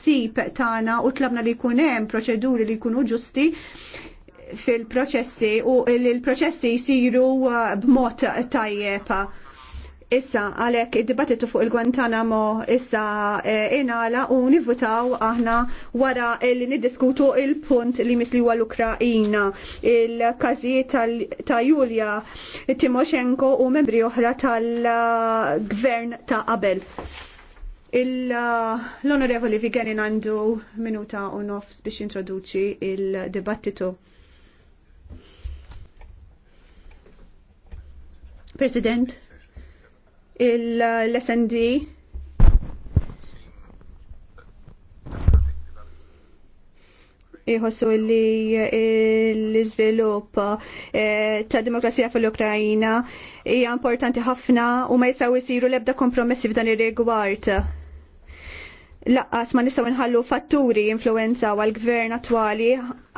tħassib tagħna u tlabna li jkun hemm proċeduri li jkunu ġusti fil-proċessi u l-proċessi jisiru uh, b'mod tajjeb. Issa, għalek, id-dibattitu fuq il-Guantanamo, issa e, eh, inala u nivvutaw aħna wara li niddiskutu il-punt li misli għal ukraina il-kazijiet ta' Julia Timoshenko u membri oħra tal-gvern eh, ta' qabel. L-Onorevoli għenin għandu minuta u nofs biex introduċi il-dibattitu. President, l-SND Iħossu li l-izvilup eh, ta' demokrazija fil-Ukrajina hija importanti ħafna u ma jistgħu jsiru l-ebda kompromessi f'dan ir-rigward Laqqas ma nistgħu nħallu fatturi influenza għal gvern attwali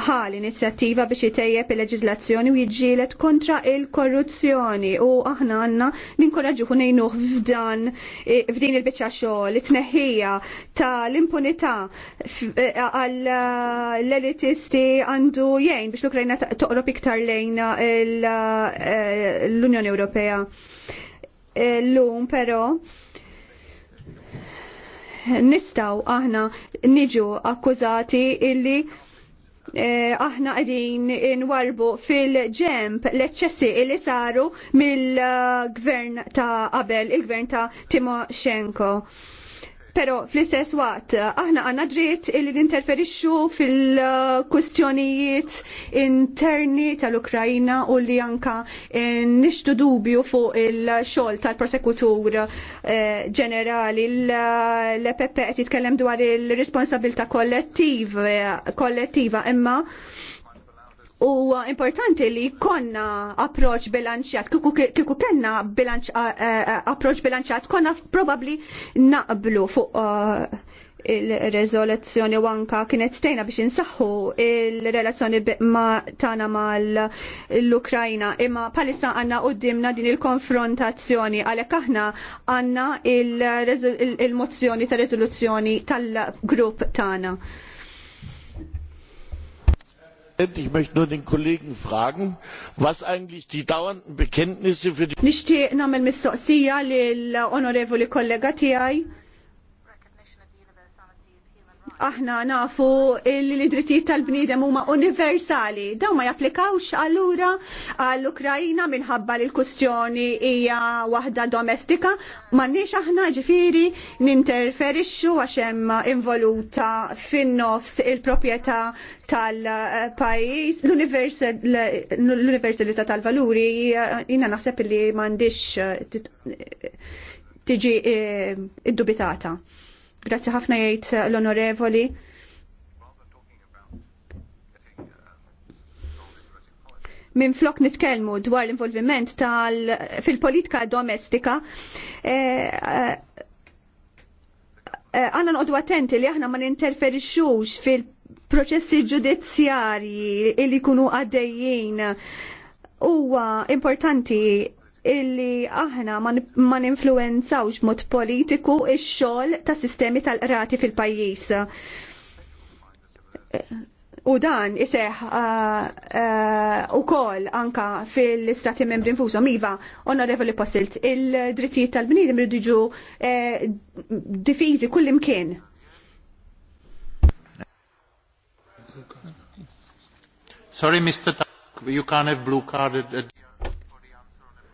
ħal inizjattiva biex jitejjeb il-leġiżlazzjoni u jiġielet kontra il-korruzzjoni u aħna għandna ninkoraġġu ngħinuh f'dan e, f'din il-biċċa xogħol it-tneħħija tal-impunità e, għall e, elitisti għandu jgħin biex l-Ukrajna toqrob iktar lejn l-Unjoni Ewropea. Llum lum però nistaw aħna niġu akkużati illi eh, aħna għedin nwarbu fil-ġemp l-eċċessi li saru mill-gvern ta' qabel, il-gvern ta' Timoshenko. Pero fl-istess waqt, aħna għanna dritt illi ninterferixxu fil-kustjonijiet interni tal-Ukrajina u li anka eh, nixtu dubju fuq il-xol tal-prosekutur eh, ġenerali l-EPP jitkellem dwar il-responsabilta eh, kollettiva imma U importanti li konna approċ bilanċjat, kiku kena approċ bilanċjat, konna probabli naqblu fuq uh, il-rezoluzzjoni u anka kienet stejna biex insaħħu il-relazzjoni ma tana mal l-Ukrajna imma palissa għanna qoddimna din il-konfrontazzjoni għalek aħna għanna il-mozzjoni ta' rezoluzzjoni tal-grupp tana. Ich möchte nur den Kollegen fragen, was eigentlich die dauernden Bekenntnisse für die... Nishti namel mistoqsija l-onorevoli kollega tijaj aħna nafu l-drittijiet tal-bniedem huma universali. Daw ma japplikawx allura għall ukraina minħabba li l-kustjoni hija waħda domestika, m'għandniex aħna ġifieri ninterferixxu għax hemm involuta fin-nofs il-proprjetà tal-pajjiż. L-universalità tal-valuri jiena naħseb li m'għandix tiġi eh, iddubitata. Grazzi ħafna jgħid l-onorevoli. Minn flok nitkellmu dwar l-involviment tal fil-politika domestika, eh, eh, eh, għanna nqodu attenti li aħna ma ninterferixux fil-proċessi ġudizzjarji li jkunu għaddejjin huwa importanti illi aħna ma ninfluenzawx mod politiku ix-xogħol ta' sistemi tal-qrati fil-pajjiż. U dan iseħ uh, uh, ukoll u kol anka fil-istati membri infusom, Iva, onorevoli Possilt, il-drittijiet tal-bnidem rridu eh, kull kullimkien. Sorry, Mr. Tuck, you can't have blue card. At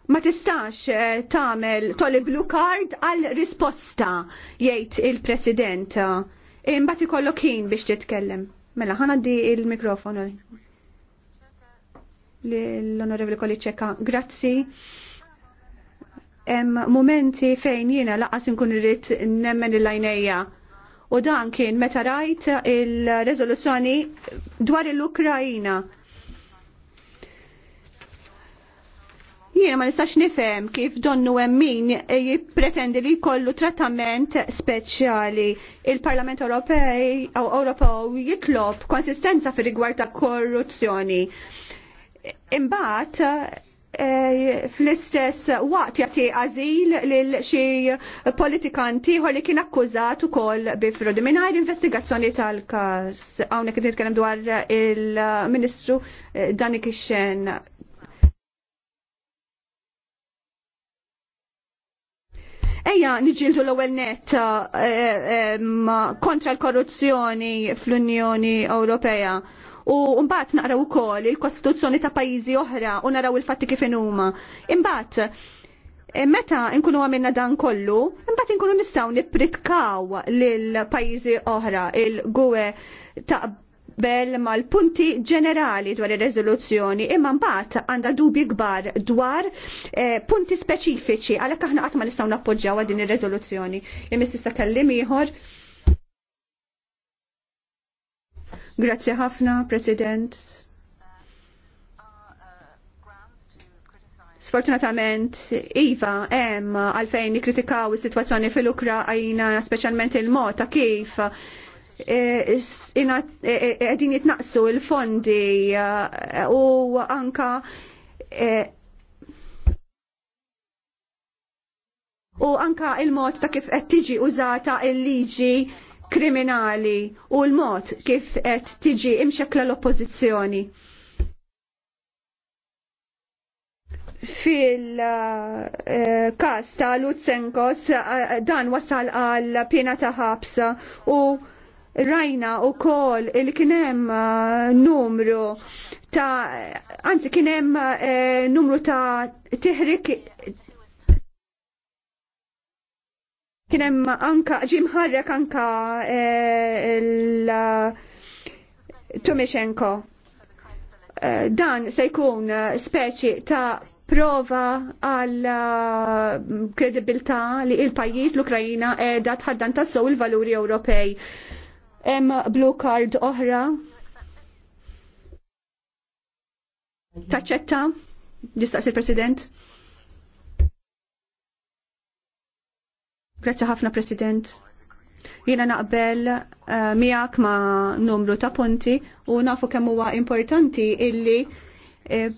ma tistax eh, tagħmel toli blue card għal risposta jgħid il-President. Eh, imbagħad ikollok kien biex titkellem. Mela ħana di il-mikrofonu l-Onorevoli Koliċeka. Grazzi Em, momenti fejn jiena laqas nkun irrid nemmen il-lajnejja. U dan kien meta rajt il-rezoluzzjoni dwar il ukrajina Jiena ma nistax nifhem kif donnu hemm min jippretendi li jkollu trattament speċjali. Il-Parlament Ewropej aw Ewropew jitlob konsistenza fir-rigward ta' korruzzjoni. Imbagħad eh, fl-istess waqt jagħti għażil lil xi politikanti ieħor li kien akkużat ukoll bi frodi mingħajr investigazzjoni tal-każ. Hawnhekk qed nitkellem dwar il-Ministru eh, Dani Eja niġildu l-ewwel net eh, eh, kontra l-korruzzjoni fl-Unjoni Ewropea. U mbagħad naqraw ukoll il-kostituzzjoni ta' pajjiżi oħra u naraw il-fatti kif huma. Imbagħad eh, meta nkunu għamilna dan kollu, imbagħad inkunu nistgħu nippritkaw lil pajjiżi oħra il-gwe ta' ma mal-punti ġenerali dwar ir-reżoluzzjoni imma mbagħad għandha dubi kbar dwar eh, punti speċifiċi għalhekk aħna qatt ma nistgħu nappoġġjaw din ir-reżoluzzjoni. Imma issa kellim ieħor. Grazzi ħafna, President. Sfortunatament, Iva, em, għalfejn nikritikaw is sitwazzjoni fil-Ukra għajna specialment il-mod ta' kif Eh, eh, eh, qegħdin jitnaqsu il-fondi u anka u anka il-mod ta' kif qed tiġi użata il-liġi kriminali u l-mod kif qed tiġi imxekla l-oppożizzjoni. fil-kas ta' Lutsenkos dan wasal għal pjena ta' ħabsa u Rajna u kol il-kienem eh, numru ta' anzi kienem eh, numru ta' tiħrik kienem anka ħarrek anka eh, il-Tumishenko dan se jkun speċi ta' prova għal kredibilità li il-pajjiż l-Ukrajina edha tħaddan tassew il-valuri Ewropej. Hemm blue card oħra. Taċċetta? Jistaqsi il-President. Grazzi ħafna President. Jiena naqbel uh, miegħek ma' numru ta' punti u nafu kemm huwa importanti illi eh, eh,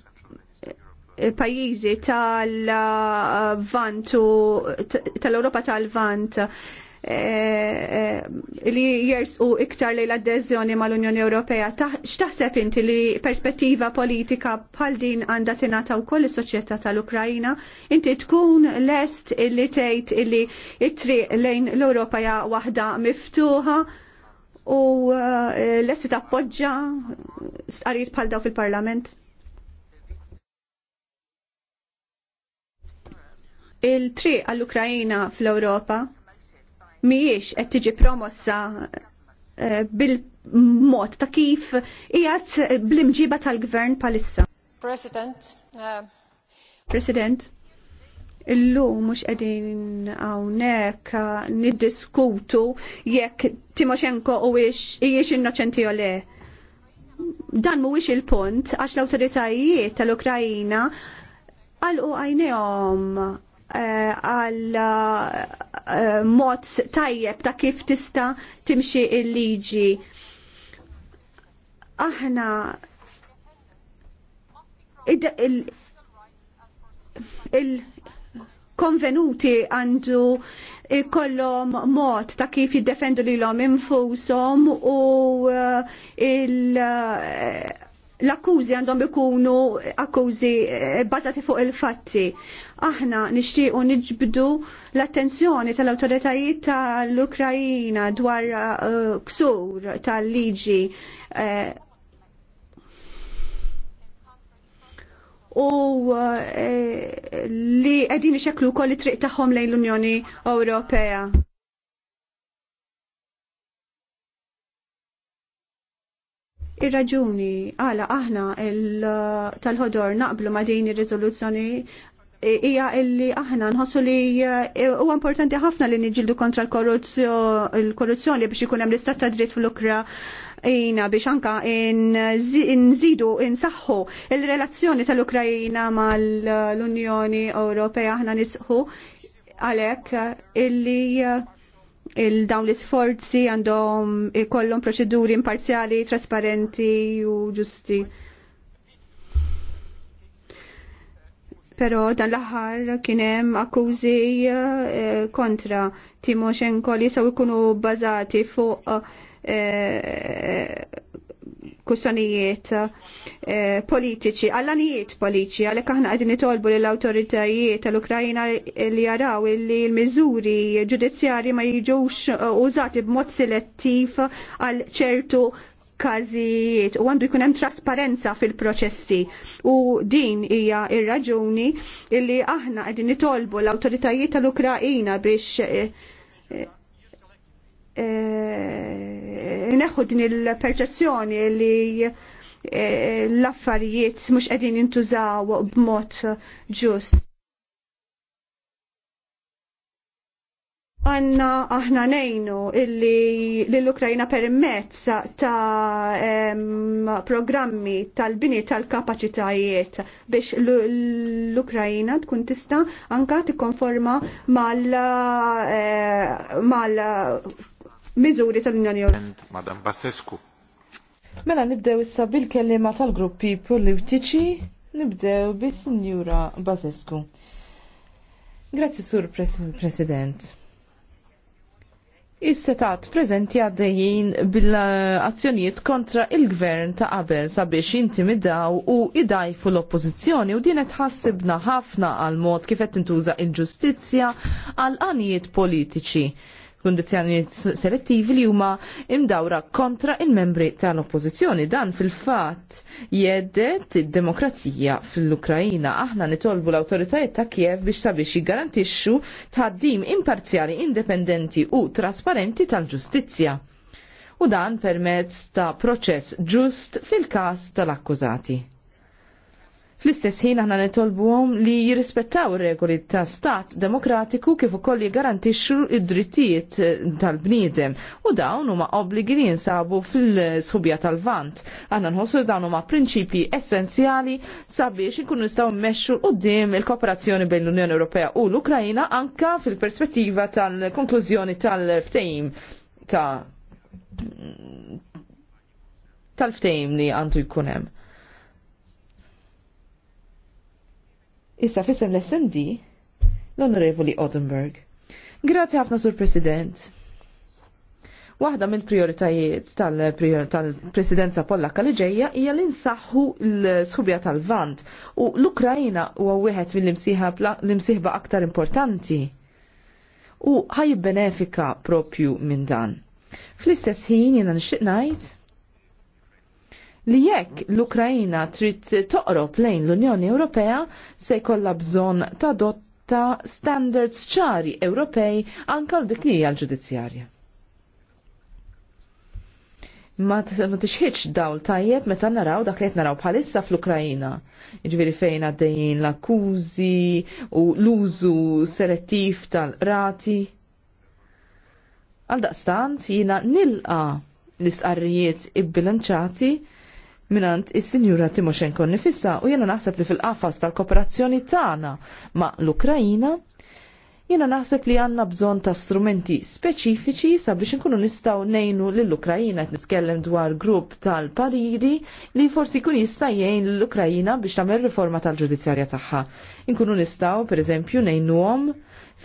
pajjiżi tal-vant tal ewropa tal-vant Eh, eh, li jersqu iktar lejn l-adeżjoni mal-Unjoni Ewropea. X'taħseb inti li perspettiva politika bħal din għandha tingħata wkoll is-soċjetà tal-Ukrajna? Inti tkun lest illi tgħid illi it-triq lejn l-Ewropa hija waħda miftuħa u eh, lesti tappoġġa stqarijiet bħal daw fil-Parlament? il-triq għall-Ukrajina fl-Ewropa mhijiex qed tiġi promossa eh, bil-mod ta' kif qiegħed bl-imġiba tal-gvern palissa. President. Eh, President. Illum mhux qegħdin hawnhekk niddiskutu jekk Timoshenko u hijiex innoċenti u le. Dan mhuwiex il-punt għax l-awtoritajiet tal-Ukrajina għalqu għajnejhom Eh, għal eh, mod tajjeb ta' kif tista' timxi il-liġi. Aħna il-konvenuti għandu kollom mod ta' kif jiddefendu li l-om infusom u eh, il- l-akkużi għandhom ikunu akkużi eh, bazati fuq il-fatti. Aħna nixtiequ niġbdu l-attenzjoni tal-awtoritajiet tal-Ukrajina dwar uh, ksur tal-liġi uh, u li li ixekklu wkoll it triq taħħom lejn l-Unjoni Ewropea. Ir-raġuni għala aħna tal-ħodor naqblu ma' din ir-riżoluzzjoni hija illi aħna nħossu li eh, huwa importanti ħafna li niġildu kontra l-korruzzjoni biex ikun hemm l-istat ta' dritt fl-ukra ina biex anka nżidu insaħħu il-relazzjoni tal-Ukrajina mal-Unjoni Ewropea aħna nisħu għalhekk illi eh, il-dawn l-isforzi għandhom ikollhom proċeduri imparzjali, trasparenti u ġusti. Pero dan l-aħħar kien hemm akkużi eh, kontra Timoshenko li saw ikunu bbażati fuq eh, kustonijiet eh, politiċi, għallanijiet politiċi, għalek aħna għedin nitolbu l autoritajiet tal-Ukrajina li jaraw li l-mizuri ġudizzjari ma jiġux eh, użati b'mod selettiv għal ċertu kazijiet u għandu jkun hemm trasparenza fil-proċessi. U din hija ir-raġuni li illi aħna qegħdin nitolbu l-awtoritajiet tal-Ukraina biex eh, Eh, neħu din il-perċezzjoni li eh, l-affarijiet mhux qegħdin jintużaw b'mod ġust. għanna aħna nejnu illi l per permezz ta' programmi tal-bini tal-kapacitajiet biex l ukrajina tkun tista anka tikkonforma mal eh, miżuri tal-Unjoni Ewropea. Madam Basescu. Mela nibdew issa bil-kellima tal-gruppi politiċi, nibdew bis-Sinjura Basescu. Grazzi, Sur President. Is-setat prezenti għaddejjin bil-azzjonijiet kontra il-gvern ta' qabel sabiex intimidaw u idajfu l-oppozizjoni u dinet ħassibna ħafna għal mod kif qed tintuża il-ġustizzja għal anijiet politiċi kondizjoni selettivi li huma imdawra kontra il-membri tal-oppożizzjoni. Dan fil-fatt jedet id-demokrazija fil-Ukrajina. Aħna nitolbu l-awtoritajiet ta' Kiev biex sabiex jiggarantixxu tħaddim imparzjali, indipendenti u trasparenti tal-ġustizzja. U dan permezz ta' proċess ġust fil-każ tal-akkużati. Fl-istess ħin aħna nitolbuhom li jirrispettaw ir-regoli ta' stat demokratiku kif ukoll jiggarantixxu id-drittijiet tal-bniedem u dawn huma obbligi li jinsabu fil-sħubja tal-vant. Aħna nħossu dawn huma prinċipji essenzjali sabiex inkunu nistgħu mmexxu qudiem il-kooperazzjoni bejn l-Unjoni Ewropea u l-Ukrajina anka fil-perspettiva tal-konklużjoni tal-ftehim ta' tal-ftehim li għandu jkun hemm. Issa fissem l-SND l-Onorevoli Ottenberg. Grazzi ħafna sur President. Waħda mill prioritajiet tal-presidenza pollakka li ġejja hija li nsaħħu l-sħubja tal-Vant u l-Ukrajna huwa wieħed mill-imsieħba aktar importanti u ħaj benefika propju minn dan. Fl-istess ħin jiena nixtieq ngħid li jekk l-Ukrajina trid toqrob lejn l-Unjoni Ewropea se jkollha bżonn tadotta standards ċari Ewropej anke għal dik li hija l-ġudizzjarja ma tixħiċ dawl tajjeb meta naraw dak li qed naraw bħalissa fl-Ukrajina. jiġifieri fejn għaddejjin l-akkużi u l-użu selettiv tal-rati. Għal daqstant jiena nilqa l-istqarrijiet ibbilanċati minant is-Sinjura Timoshenko nifissa u jena naħseb li fil-qafas tal-kooperazzjoni tagħna ma' l-Ukrajina jena naħseb li għanna bżon ta' strumenti speċifiċi sabiex nkunu nistaw nejnu l-Ukrajina qed nitkellem dwar grupp tal-pariri li forsi kun jista' jgħin l-Ukrajina biex tagħmel riforma tal-ġudizzjarja tagħha. Inkunu nistaw pereżempju nejnuhom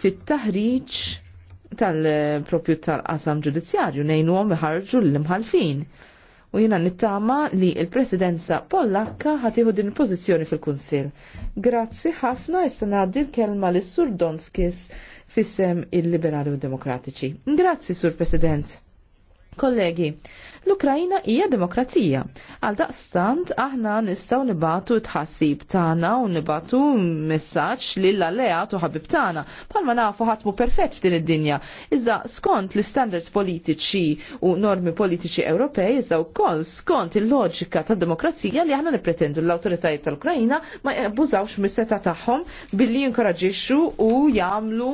fit-taħriġ tal-propju tal-qasam ġudizzjarju nejnuhom iħarġu l-imħalfin u jina nittama li il-presidenza Pollakka ħatiħu din il-pozizjoni fil-Kunsil. Grazzi ħafna issa ngħaddi l-kelma li sur Donskis fissem il-Liberali u Demokratiċi. Grazzi, Sur President. Kollegi, l-Ukrajna hija demokrazija. Għal daqstant aħna nistgħu nibatu tħassib tagħna u nibatu messaġġ lil alleat u ħabib tagħna bħalma nafu ħatmu perfett f'din id-dinja. Iżda skont l-standards politiċi u normi politiċi Ewropej iżda wkoll skont il-loġika tad-demokrazija li aħna nippretendu l-awtoritajiet tal-Ukrajna ma jabbużawx mis-seta tagħhom billi jinkoraġixxu u jagħmlu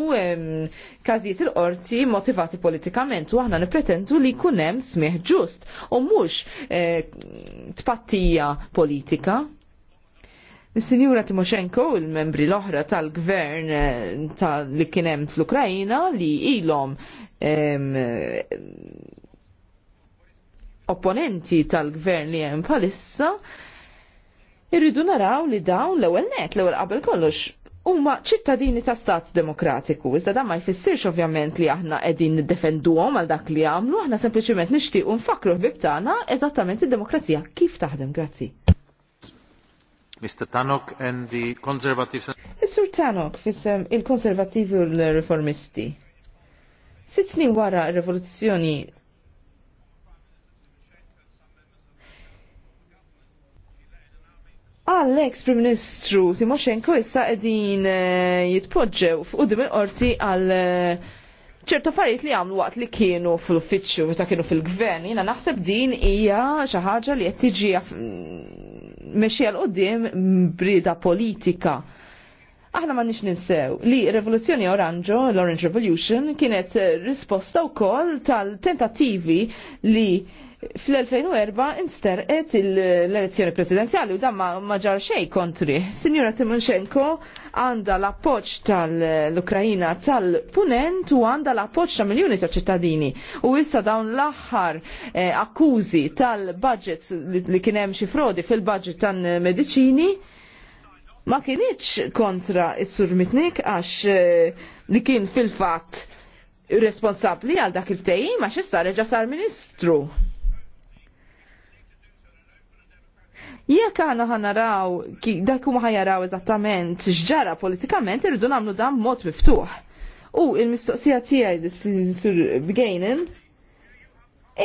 każijiet il-qorti motivati politikament u aħna nippretendu li jkun hemm smih ġust ġust u mhux e, tpattija politika. Is-Sinjura Timoshenko, il-membri l-oħra tal-gvern e, tal li kien hemm fl-Ukrajina li ilhom opponenti tal-gvern li hemm bħalissa, irridu naraw li dawn l-ewwel net, l-ewwel qabel kollox huma ċittadini ta' stat demokratiku. Iżda dan ma jfissirx ovvjament li aħna qegħdin niddefenduhom għal dak li għamlu, aħna sempliċiment nixtiequ nfakru ħbib tagħna eżattament id-demokrazija kif taħdem. Grazzi. Mr. Tanok and the Conservatives. Is-Sur Tanok fissem il-Konservativi u l-Reformisti. Sitt snin wara r-rivoluzzjoni għall-ex Prim Ministru Timoshenko issa qegħdin eh, jitpoġġew f'qudiem il-qorti għal eh, ċertu affarijiet li għamlu waqt li kienu fl-uffiċċju meta kienu fil-gvern, jiena naħseb din hija xi ħaġa li qed tiġi mm, mexxija l qudiem brida politika. Aħna ma nix ninsew li Revoluzzjoni Oranġo, l-Orange Revolution, kienet risposta wkoll tal-tentativi li Fl-2004 insterqet l-elezzjoni presidenziali u dan ma ġar xej kontri. Sinjura Timoshenko għanda l-appoċ tal-Ukrajina tal-punent u għanda l-appoċ ta' miljoni ta' ċittadini. U issa dawn l-aħħar eh, akkużi tal-budget li kienem xi frodi fil-budget tal medicini ma kienieċ kontra is-sur Mitnik għax eh, li kien fil-fatt responsabli għal dak il-tejjim għax issa reġa sar ministru. Jekk aħna ħanaraw dak huma ħajaraw eżattament x'ġara politikament irridu nagħmlu dan mod miftuħ. U il-mistoqsija tiegħi sur Bgejnin,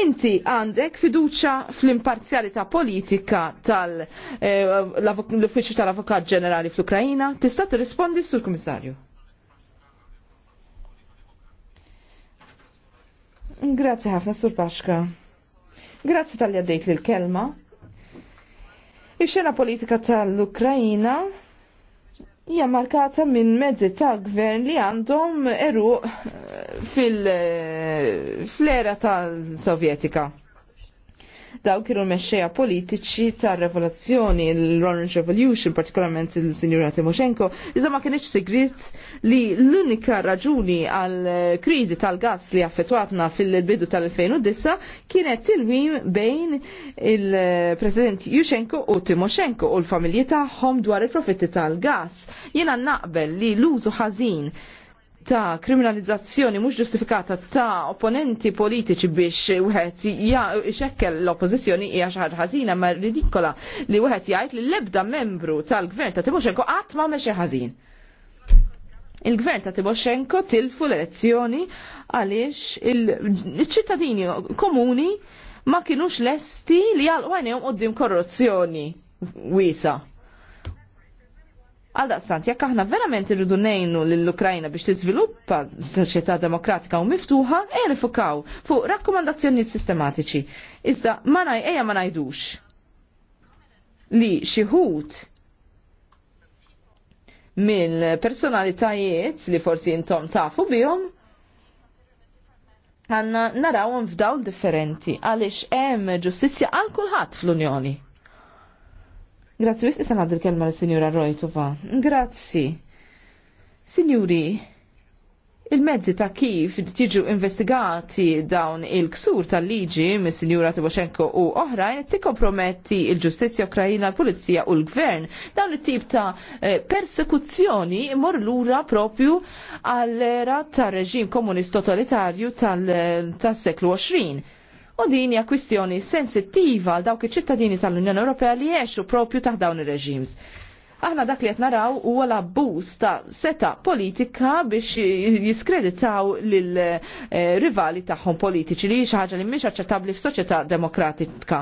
inti għandek fiduċa fl-imparzjalità politika tal-Uffiċċju eh, tal-Avukat Ġenerali fl-Ukrajina, tista' tirrispondi sur Kummissarju. Grazzi ħafna sur Paxka. Grazzi tal-li għaddejt l-kelma. Ix-xena politika tal-Ukrajina hija markata minn mezzi ta' gvern li għandhom eru eh, fil-flera eh, tal-Sovjetika. Daw kienu mexxeja politiċi tar-revoluzzjoni, l-Orange Revolution, partikolarment il-Sinjura Timoshenko, iżda ma kienx sigrit li l-unika raġuni għal kriżi tal-gas li affettwatna fil-bidu tal-2009 kienet tilwim bejn il-President Yushchenko u Timoshenko u l-familji tagħhom dwar il-profitti tal-gas. Jiena naqbel li l-użu ħażin ta' kriminalizzazzjoni mhux ġustifikata ta' opponenti politiċi biex wieħed ixekkel l-oppożizzjoni hija xi ħaġa ħażina ma' ridikola li wieħed jgħid li l-ebda membru tal-gvern ta' Timoshenko qatt ma' xi ħażin il-gvern ta' Tiboshenko tilfu l-elezzjoni għaliex il-ċittadini komuni ma kienux lesti li għal għajnijom għoddim korruzzjoni wisa. Għal sant, jekk aħna verament irridu nejnu l-Ukrajna biex tiżviluppa soċjetà demokratika u miftuħa, e nifukaw fuq rakkomandazzjonijiet sistematiċi. Iżda ma eja ma najdux li xi mill-personalitajiet li forsi intom tafu bihom għanna narawhom f'dawl differenti għaliex hemm ġustizzja għal kulħadd fl-Unjoni. Grazzi, wis issa ngħaddi l-kelma sinjura Rojtova. Grazzi. Signori, il-mezzi ta' kif tiġu investigati dawn il-ksur tal-liġi mis sinjura Tiboshenko u oħrajn ti komprometti il-ġustizja Ukrajina, l-Pulizija u l-Gvern. Dawn it-tip ta' eh, persekuzzjoni mor lura propju għall-era ta' reġim komunist totalitarju tal-seklu 20. U din hija kwistjoni sensittiva għal dawk iċ-ċittadini tal-Unjoni Ewropea li jgħixu propju taħt dawn ir-reġims. Aħna dak li qed naraw huwa l-abbuż ta' seta politika biex jiskreditaw lil eh, rivali tagħhom politiċi li xi ħaġa li mhix aċċettabbli f'soċjetà demokratika.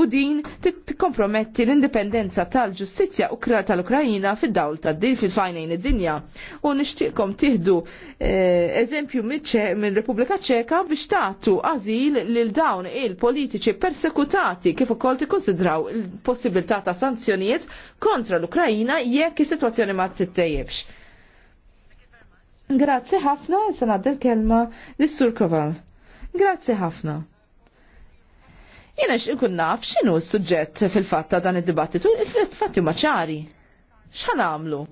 U din tikkomprometti l-indipendenza tal-ġustizzja tal-Ukrajina fid-dawl tad-din fil-fajnejn id-dinja. U nixtieqkom tieħdu eh, eżempju mill-Repubblika Ċeka biex tagħtu għażil lil dawn il-politiċi persekutati kif ukoll tikkonsidraw il-possibilità ta' sanzjonijiet kontra l-Ukrajina għalina jekk is-sitwazzjoni ma tittejjibx. Grazzi ħafna, se ngħaddi l-kelma lis-Sur Koval. Grazzi ħafna. Jiena ikun naf x'inhu s-suġġett fil-fatt ta' dan id-dibattitu, il-fatti ma ċari. X'ħan għamlu?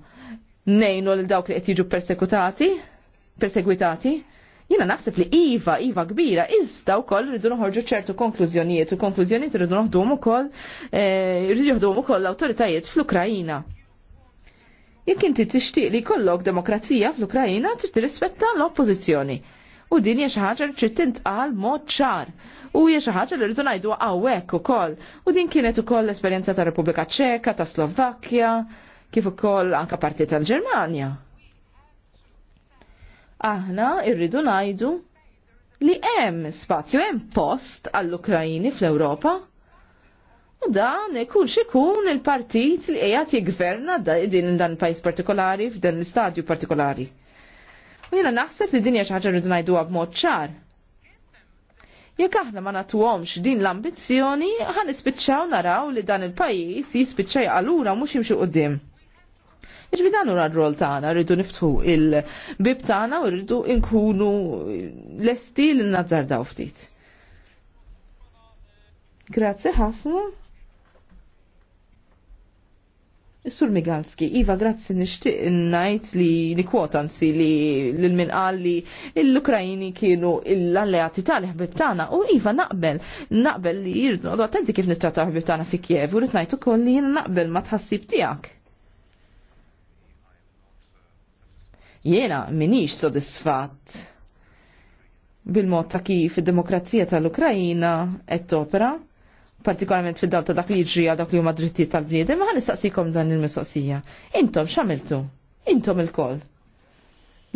Nejnu lil dawk li qed jiġu persekutati? Perseguitati? jina naħseb li iva, iva kbira, iżda u koll rridu noħorġu ċertu konklużjonijiet, u konklużjonijiet rridu noħdum u koll, eh, rridu joħdum u koll l-autoritajiet fl-Ukrajina. Jekk inti tixtieq li jkollok demokrazija fl-Ukrajina trid tirrispetta l-oppożizzjoni. U din hija xi ħaġa li trid tintqal mod ċar. U hija xi ħaġa li rridu ngħidu hawnhekk ukoll. U din kienet ukoll l-esperjenza ta' Repubblika Ċeka, ta' Slovakkja, kif ukoll anke parti tal-Ġermanja. Aħna rridu ngħidu li hemm spazju, hemm post għall-Ukrajini fl-Ewropa U dan ikun eh, xikun il-partit li qiegħed jiggverna din dan pajjiż partikolari f'dan l-istadju partikolari. U jiena naħseb li din hija xi ħaġa rridu ngħiduha b'mod ċar. Jekk aħna ma nagħtuhomx din l-ambizzjoni, ħan nispiċċaw naraw li dan il-pajjiż jispiċċa jaqalura mhux jimxi quddiem. Iġbi dan ura r-rol tagħna rridu niftħu il-bib tagħna u rridu nkunu lesti li nazzardaw ftit. Grazzi ħafna. Sur Migalski, Iva, grazzi nishtiq najt li nikwotansi li l-min li l-Ukrajini kienu l-alleati tali ħbib tana u Iva naqbel, naqbel li jirdu, attenti kif nittrata ħbib tana fi Kiev u u koll li jina naqbel ma tħassib tijak. Jena minix sodisfat bil-mod ta' kif id-demokrazija tal-Ukrajina et topra partikolarment fid-daw ta' dak li jġri għal dak li huma drittijiet tal-bniedem, ma nistaqsikom dan il-mistoqsija. Intom x'għamiltu? Intom il-koll.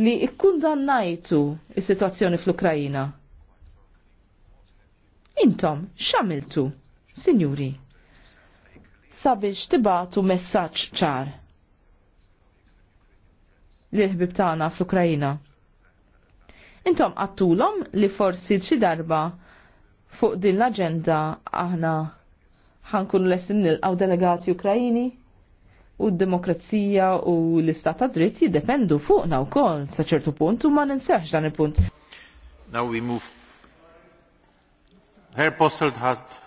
Li ikkundannajtu is-sitwazzjoni fl-Ukrajina. Intom x'għamiltu, sinjuri? Sabiex tibatu messaġġ ċar li l-ħbib tagħna fl-Ukrajina. Intom għattulom li forsi xi darba fuq din l-agenda aħna ħankunu lesin nilqaw delegati Ukrajini u d-demokrazija u l-istat ta' dritt jiddependu fuqna u kol sa' ċertu punt u ma' ninsax dan il-punt. Now we move. Herr Posselt hat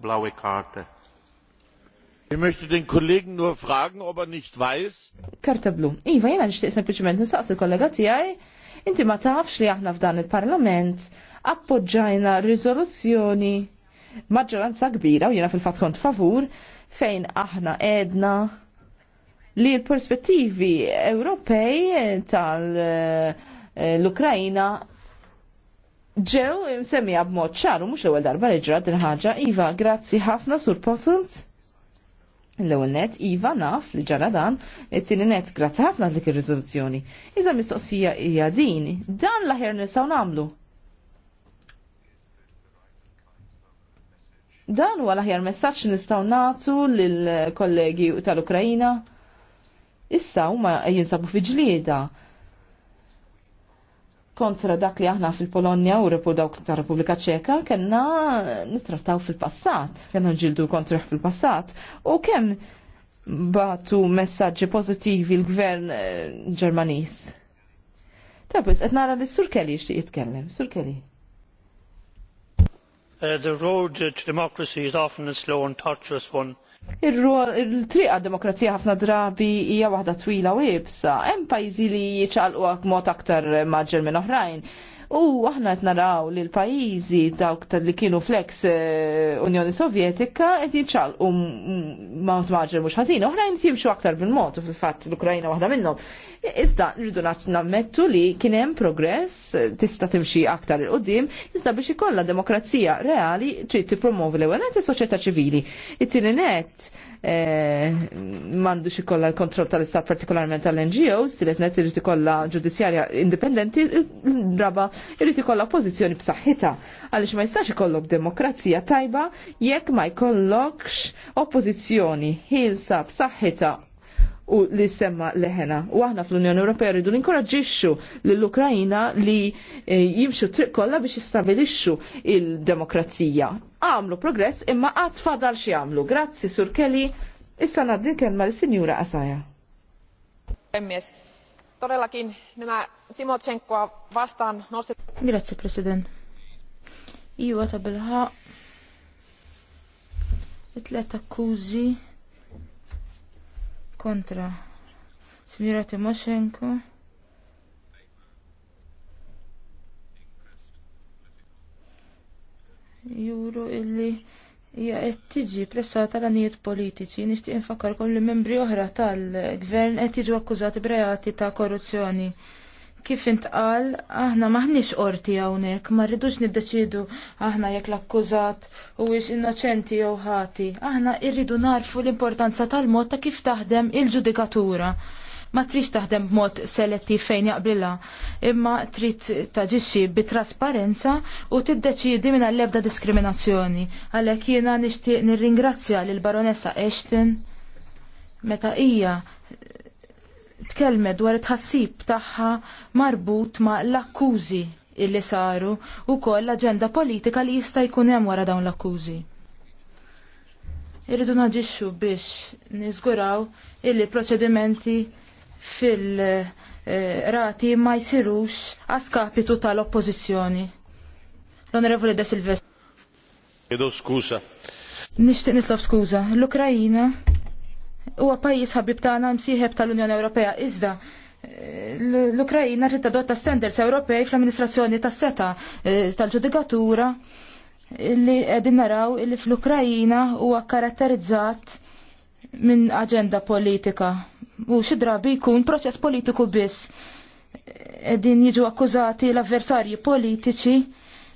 blaue Karte. Ich möchte den Kollegen nur fragen, ob er nicht weiß. Karta blu. Iva, jena nishtiq sempliciment nistaqsi kollega tijaj, inti ma tafx li aħna f'dan il-parlament appoġġajna riżoluzzjoni maġġoranza kbira u jiena fil-fatt kont favur fejn aħna edna li l-perspettivi Ewropej tal-Ukrajna ġew imsemmija b'mod ċaru mhux l-ewwel darba li ġrat il-ħaġa. Iva, grazzi ħafna sur Posselt. L-ewwel net, Iva naf li ġara dan, it-tieni net grazzi ħafna dik ir-riżoluzzjoni. Iżda mistoqsija hija din, dan l-aħjar nistgħu nagħmlu Dan huwa l-aħjar messaġġ nistgħu nagħtu lill-kollegi tal-Ukrajina. Issa huma jinsabu fi ġlieda kontra dak li aħna fil-Polonja u repu dawk ta' Repubblika Ċeka kena nitrattaw fil-passat, kena nġildu kontra fil-passat. U kemm batu messaġġi pozitivi l-gvern eh, Ġermanis. Ta' bis, etnara li Sur Kelly xti jitkellem, Sur Kelly. Uh, the road to democracy is often a slow and tortuous one. Il-triqa demokrazija ħafna drabi hija waħda twila u ibsa. Hemm pajjiżi li jiċċalqu mod aktar maġġel minn oħrajn. U aħna qed naraw li l-pajjiżi dawk li kienu flex eh, Unjoni Sovjetika qed jiċċalqu mod maġġel mhux ħażin, oħrajn jimxu aktar bil-mod u fil-fatt l-Ukrajna waħda minnhom. Iżda nridu nammettu li kien hemm progress eh, tista' timxi aktar il qudiem iżda biex ikollha demokrazija reali trid tippromovi l-ewwel is-soċjetà ċivili. It-tieni net eh, m'għandux ikollha l-kontroll tal-istat partikolarment tal-NGOs, tilet net irid ikollha ġudizzjarja indipendenti, raba irid ikollha pożizzjoni b'saħħitha għaliex ma jistax ikollok demokrazija tajba jekk ma jkollokx oppożizzjoni ħilsa b'saħħitha u li semma leħena. U aħna fl-Unjoni Ewropea rridu ninkoraġġixxu lill-Ukrajina li eh, jimxu triq kollha biex jistabilixxu il-demokrazija. Għamlu progress imma qatt fadal xi għamlu. Grazzi Sur Kelly, issa ngħaddin kelma lis-Sinjura Asaja. Emmies, todellakin nämä Timotsenkoa vastaan nostet... Grazie, President. Iwa ta' bilħa. akkużi kontra Signora Timoshenko juru illi hija qed tiġi pressata l anijiet politiċi nixtieq infakkarkom li membri oħra tal-gvern qed jiġu akkużati b'reati ta' korruzzjoni kif intqal, aħna maħniex qorti hawnhekk, ma rridux niddeċidu aħna jekk l-akkużat huwiex innoċenti jew ħati. Aħna rridu narfu l-importanza tal-mod ta' kif taħdem il-ġudikatura. Ma trix taħdem b'mod selettiv fejn jaqbilha, imma trid taġixxi bit-trasparenza u tiddeċiedi minn għall ebda diskriminazzjoni. Għalhekk jiena nixtieq nirringrazzja lill Baronessa Ashton meta hija tkellmet dwar it tħassib tagħha marbut ma' l-akkużi illi saru u koll l-aġenda politika li jista' jkun hemm wara dawn l-akkużi. Irridu naġixxu biex niżguraw illi proċedimenti fil-rati ma jsirux għaskapitu tal-oppożizzjoni. L-Onorevoli De Silvestri. Nixtieq nitlob skuża. L-Ukrajina huwa pajjiż ħabib tagħna msieħeb tal-Unjoni Ewropea iżda l-Ukrajina rrid tadotta standards Ewropej fl-amministrazzjoni tas-seta eh, tal-ġudikatura li qegħdin naraw li fl-Ukrajina huwa karatterizzat minn aġenda politika u xi drabi jkun proċess politiku biss. Qegħdin jiġu akkużati l-avversarji politiċi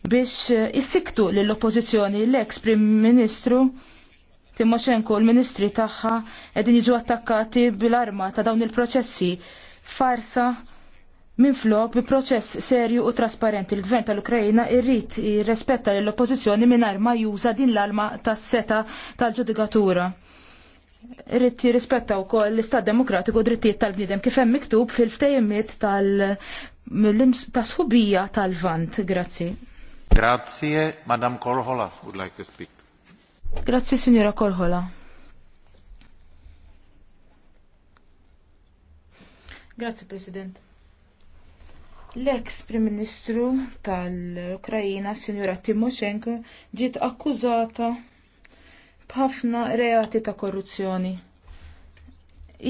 biex jissiktu lill-oppożizzjoni l-eks Prim Ministru Timoshenko u l-ministri tagħha qegħdin jiġu attakkati bil-arma ta' dawn il-proċessi farsa minflok bi proċess serju u trasparenti. Il-gvern tal-Ukrajina irrid jirrespetta l-oppożizzjoni mingħajr ma juża din l-arma tas-seta tal-ġudikatura. Irrid jirrispetta wkoll l-istat demokratiku u drittijiet tal-bniedem kif hemm miktub fil-ftejimiet tal-sħubija tal-Vant. Grazzi. Grazie, Madam Korhola would like to speak. Grazzi, Signora Corhola. Grazzi, President. L-ex Prim Ministru tal-Ukrajina, Signora Timoshenko, ġiet akkużata b'ħafna reati ta' korruzzjoni.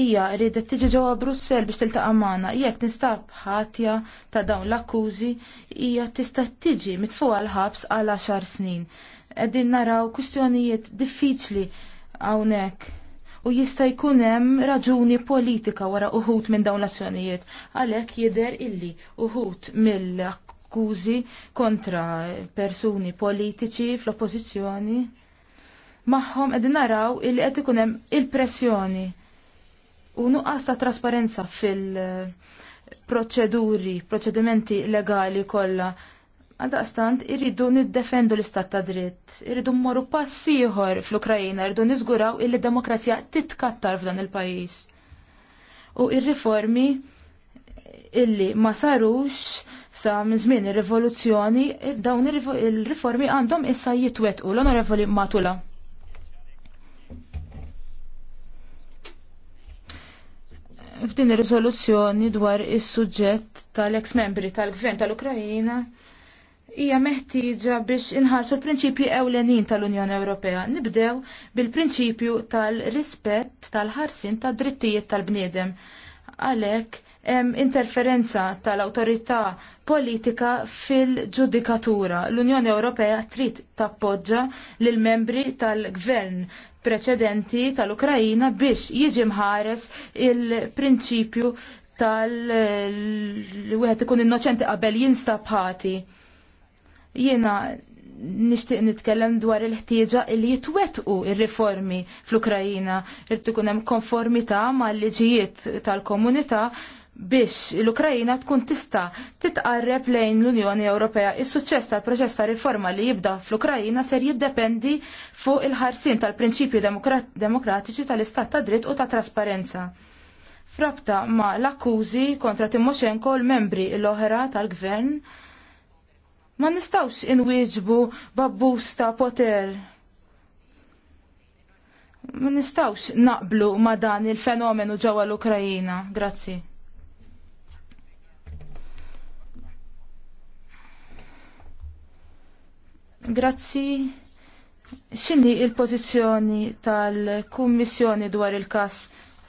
Ija, ridet tiġi ġewwa Brussel biex tilta' amana, jekk nistab ħatja ta' dawn l-akkużi, hija tista' tiġi mitfuqa l-ħabs għal 10 snin qegħdin naraw kwistjonijiet diffiċli hawnhekk u jista' jkun hemm raġuni politika wara uħut minn dawn l-azzjonijiet. Għalhekk jidher illi uħut mill-akkużi kontra persuni politiċi fl-oppożizzjoni magħhom qegħdin naraw illi qed ikun hemm il-pressjoni u nuqqas ta' trasparenza fil- proċeduri, proċedimenti legali kollha Għaldaqstant irridu niddefendu l-istat ta' dritt, irridu mmorru pass ieħor fl-Ukrajina, irridu niżguraw illi demokrazija titkattar f'dan il-pajjiż. U il riformi illi ma sarux sa minn żmien ir-rivoluzzjoni, dawn il riformi għandhom issa jitwetqu l-onorevoli Matula. f'din ir-riżoluzzjoni dwar is-suġġett tal-eks membri tal-Gvern tal-Ukrajina hija meħtieġa biex inħarsu l prinċipju ewlenin tal-Unjoni Ewropea. Nibdew bil-prinċipju tal-rispett tal-ħarsin tad drittijiet tal-bniedem. Għalhekk hemm interferenza tal-awtorità politika fil-ġudikatura. L-Unjoni Ewropea trid tappoġġa lil membri tal-gvern preċedenti tal-Ukrajina biex jiġi mħares il-prinċipju tal-wieħed ikun innoċenti qabel jinstab ħati Jiena nixtieq nitkellem dwar il-ħtieġa li jitwettqu ir-riformi fl-Ukrajina, irid ikun hemm konformità mal-liġijiet tal-komunità biex l-Ukrajina tkun tista titqarreb lejn l-Unjoni Ewropea. Is-suċċess tal-proċess ta' riforma li jibda fl-Ukrajina ser jiddependi fuq il-ħarsin tal-prinċipju demokratiċi tal-istat ta' dritt u ta' trasparenza. Frabta ma l-akkużi kontra Timoshenko l-membri l-oħra tal-gvern Ma nistawx inwieġbu babbus ta' poter. Ma nistawx naqblu ma dan il-fenomenu ġewwa l-Ukrajina. Grazzi. Grazzi. X'inhi il-pożizzjoni tal-Kummissjoni dwar il-każ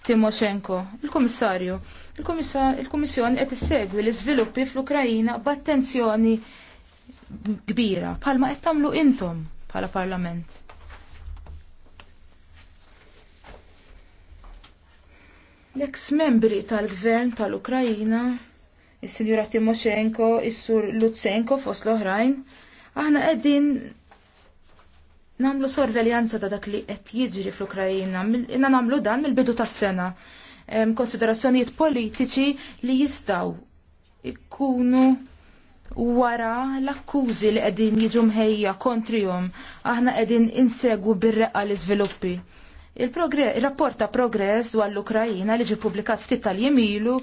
Timoshenko, il-Kummissarju? Il-Kummissjoni qed issegwi l-iżviluppi fl-Ukrajina b'attenzjoni kbira bħalma qed tagħmlu intom bħala parlament. L-eks membri tal-gvern tal-Ukrajina, is-Sinjura Timoshenko, is-Sur Lutsenko fost l-oħrajn, aħna qegħdin namlu sorveljanza ta' dak li qed jiġri fl-Ukrajina, inna namlu dan mill-bidu tas-sena. Konsiderazzjonijiet politiċi li jistaw ikkunu wara l-akkużi li qegħdin jiġu mħejja kontrihom aħna qegħdin insegwu bir-reqqa l-iżviluppi. Il-rapport ta' progress dwar l-Ukrajina li ġi publikat ftit tal-jiem ilu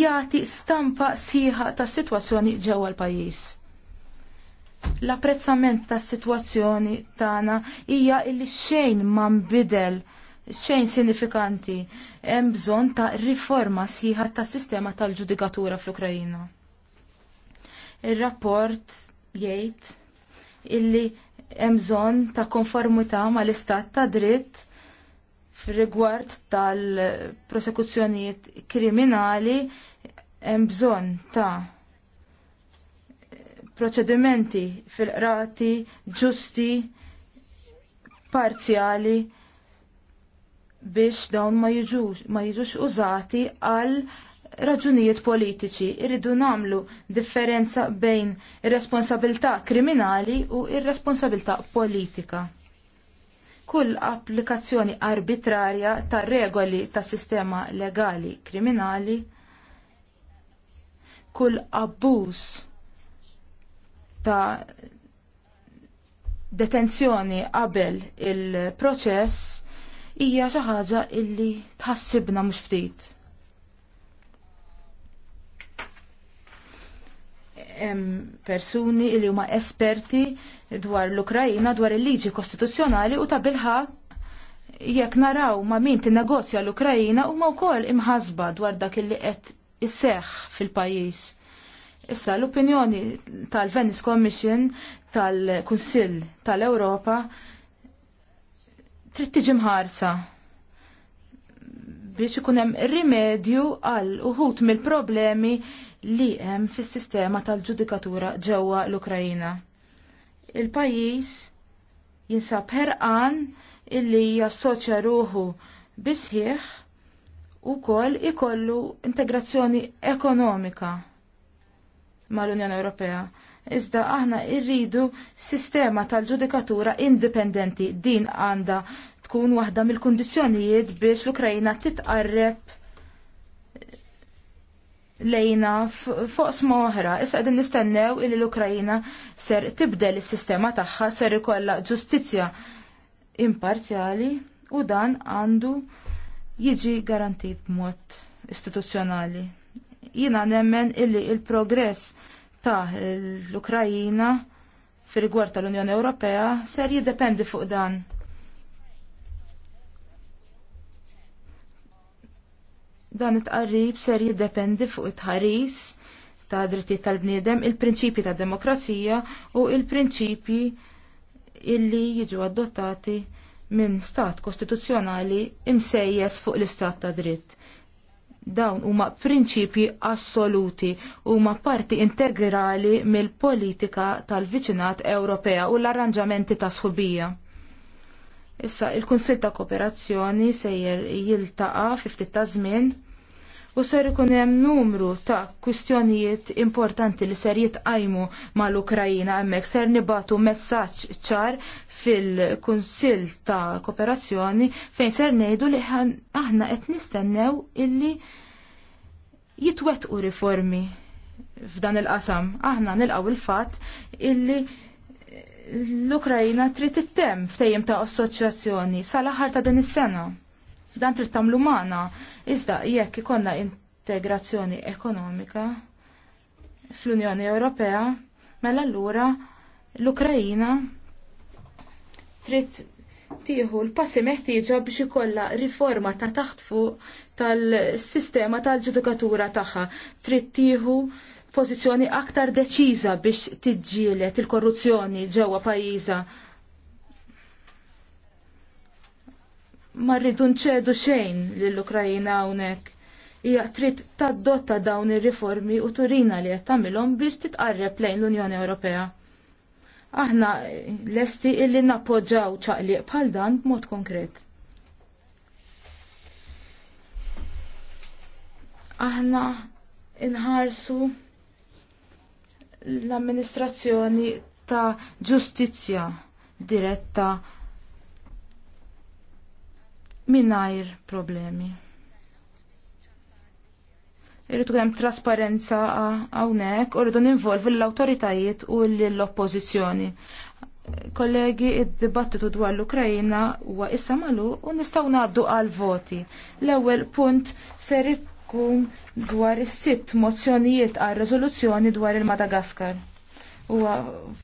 jagħti stampa sieħa tas-sitwazzjoni ġewwa l-pajjiż. L-apprezzament tas-sitwazzjoni tagħna hija li xejn ma nbidel xejn sinifikanti hemm bżonn ta' riforma sieħa tas-sistema tal-ġudikatura fl-Ukrajina Ir-rapport jgħid illi hemm bżonn ta' konformità mal-istat ta' dritt f'rigward rigward tal-prosekuzzjonijiet kriminali hemm bżonn ta' proċedimenti fil-qrati ġusti parzjali biex dawn ma jiġux użati għal raġunijiet politiċi irridu namlu differenza bejn ir-responsabilità kriminali u ir-responsabilità politika. Kull applikazzjoni arbitrarja ta' regoli ta' sistema legali kriminali, kull abbuż ta' detenzjoni qabel il-proċess hija xi ħaġa illi tħassibna mhux ftit. hemm persuni li huma esperti dwar l-Ukrajina dwar il-liġi kostituzzjonali u ta' bilħa jekk naraw ma' min tinnegozja l-Ukrajina huma wkoll imħasba dwar dak li qed isseħħ fil-pajjiż. Issa l-opinjoni tal-Venice Commission tal-Kunsill tal-Ewropa trid tiġi mħarsa biex ikun hemm rimedju għal uħut mill-problemi li hemm fis-sistema tal-ġudikatura ġewwa l-Ukrajina. Il-pajjiż jinsab ħerqan illi jassoċja ruħu bisħieħ u kol ikollu integrazzjoni ekonomika mal-Unjoni Ewropea. Iżda aħna irridu sistema tal-ġudikatura indipendenti din għanda tkun waħda mill-kundizzjonijiet biex l-Ukrajna titqarreb lejna fuq smoħra. Issa qegħdin nistennew li l-Ukrajna ser tibdel is-sistema tagħha ser ikollha ġustizzja imparzjali u dan għandu jiġi garantit b'mod istituzzjonali. Jiena nemmen illi il-progress ta' l-Ukrajina fir rigward tal-Unjoni Ewropea ser jiddependi fuq dan. Dan it-qarrib ser jiddependi fuq it-ħaris ta' drittijiet tal-bniedem, il-prinċipji ta' demokrazija u il-prinċipji illi jiġu adottati minn stat kostituzzjonali imsejjes fuq l-istat ta' dritt. Dawn huma prinċipji assoluti huma parti integrali mill-politika tal-viċinat Ewropea u l-arranġamenti ta' sħubija. Issa il kunsil ta' Kooperazzjoni sejjer jiltaqa' fi ftit ta' żmien u ser ikun hemm numru ta' kwistjonijiet importanti li ser jitqajmu mal-Ukrajina hemmhekk ser nibatu messaġġ ċar fil-Kunsill ta' Kooperazzjoni fejn ser ngħidu li aħna qed nistennew illi jitwettqu riformi f'dan il-qasam. Aħna nilqaw il-fatt illi l-Ukrajina trid ittem ftejjem ta' assoċjazzjoni sal-aħħar ta' din is-sena. Dan trid tagħmlu magħna iżda jekk ikollna integrazzjoni ekonomika fl-Unjoni Ewropea, mela allura l-Ukrajina trid tieħu l-passi meħtieġa biex ikollha riforma ta' taħt fuq tal-sistema tal-ġudikatura tagħha. Trid tieħu pożizzjoni aktar deċiża biex tiġġielet il-korruzzjoni ġewwa pajjiża. Ma rridu nċedu xejn lill-Ukrajina hawnhekk. Hija trid tadotta dawn ir-riformi u turina li qed tagħmilhom biex titqarreb lejn l-Unjoni Ewropea. Aħna lesti illi nappoġġaw ċaqliq bħal dan b'mod konkret. Aħna inħarsu l-amministrazzjoni ta' ġustizzja diretta mingħajr problemi. Irridu hemm trasparenza hawnhekk u rridu ninvolvu l-awtoritajiet u l-oppożizzjoni. Kollegi, id-dibattitu dwar l-Ukrajina huwa issa malu u nistgħu ngħaddu għal voti. L-ewwel punt ser tkun dwar is-sitt mozzjonijiet għal riżoluzzjoni dwar il-Madagaskar.